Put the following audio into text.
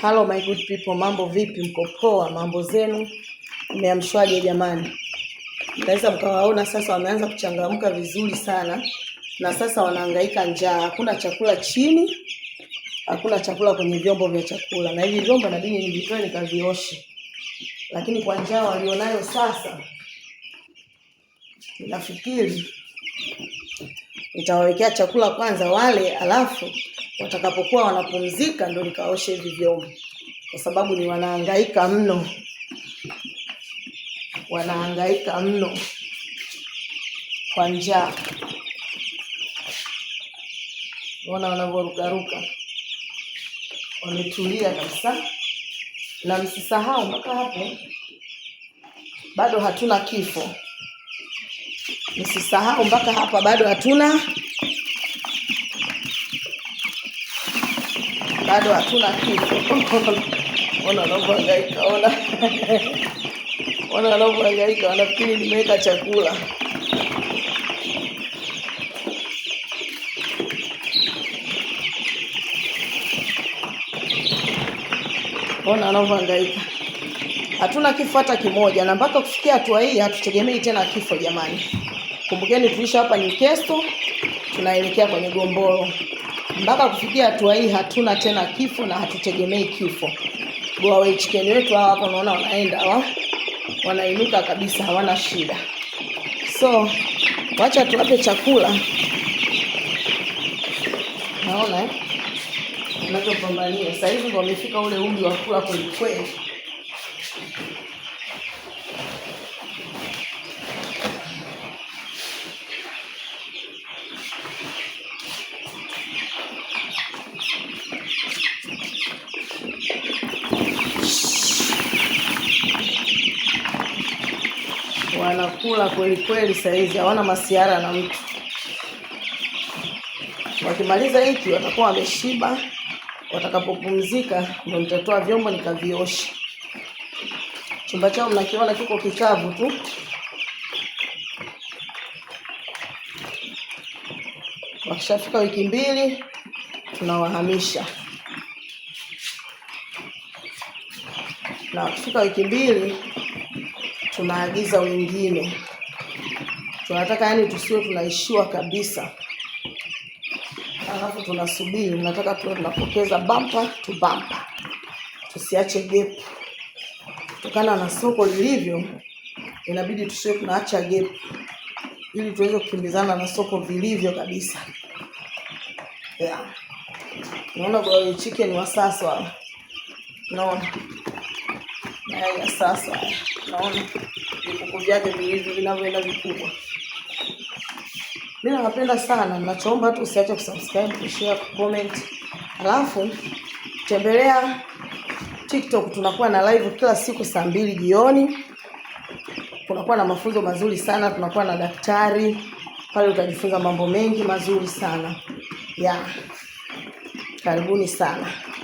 Hello my good people, mambo vipi? Mko poa? Mambo zenu mmeamshwaje jamani? Naweza mkawaona sasa wameanza kuchangamka vizuri sana, na sasa wanahangaika njaa. Hakuna chakula chini, hakuna chakula kwenye vyombo vya chakula, na hivi vyombo inabidi nivitoe nikavioshe, lakini kwa njaa walionayo sasa, nafikiri nitawawekea chakula kwanza wale, alafu watakapokuwa wanapumzika ndo nikaoshe hivi vyombo, kwa sababu ni wanahangaika mno, wanahangaika mno kwa njaa. Ona wanavyorukaruka, wametulia kabisa. Na msisahau mpaka hapo, bado hatuna kifo. Msisahau mpaka hapa, bado hatuna bado hatuna kitu. Ona wanavyohangaika, ona ona wanavyohangaika, wanafikiri nimeweka chakula. Ona wanavyohangaika, hatuna kifo hata kimoja, na mpaka kufikia hatua hii hatutegemei tena kifo. Jamani, kumbukeni tulisha hapa Newcastle, tunaelekea kwenye Gomboro. Mpaka kufikia hatua hii hatuna tena kifo na hatutegemei kifo. Goa we chicken wetu hawa hapo, unaona wanaenda hawa, wanainuka kabisa, hawana shida. So wacha tuwape chakula, naona eh unachopambania sasa hivi, wamefika ule umri wa kula kwelikweli kweli. wanakula kweli kweli, saizi hawana masiara na mtu. Wakimaliza hiki watakuwa wameshiba, watakapopumzika ndio nitatoa vyombo nikavioshe. Chumba chao mnakiona kiko kikavu tu. Wakishafika wiki mbili tunawahamisha, na wakifika wiki mbili tunaagiza wengine. Tunataka yani tusiwe tunaishiwa kabisa, alafu tunasubiri. Tunataka tuwe tunapokeza bampa to bampa, tusiache gap. Kutokana na soko lilivyo, inabidi tusiwe tunaacha gap ili tuweze kukimbizana na soko vilivyo kabisa. Yeah. Naona kwa chicken wa sasa. Naona haya yaani sasa. Naona vikuku vyake vilivyo vinavyoenda vikubwa. Mimi nawapenda sana, nachoomba tu usiache kusubscribe, kushare, kucomment. Alafu tembelea TikTok, tunakuwa na live kila siku saa mbili jioni. Kunakuwa na mafunzo mazuri sana, tunakuwa na daktari pale, utajifunza mambo mengi mazuri sana ya yeah. Karibuni sana.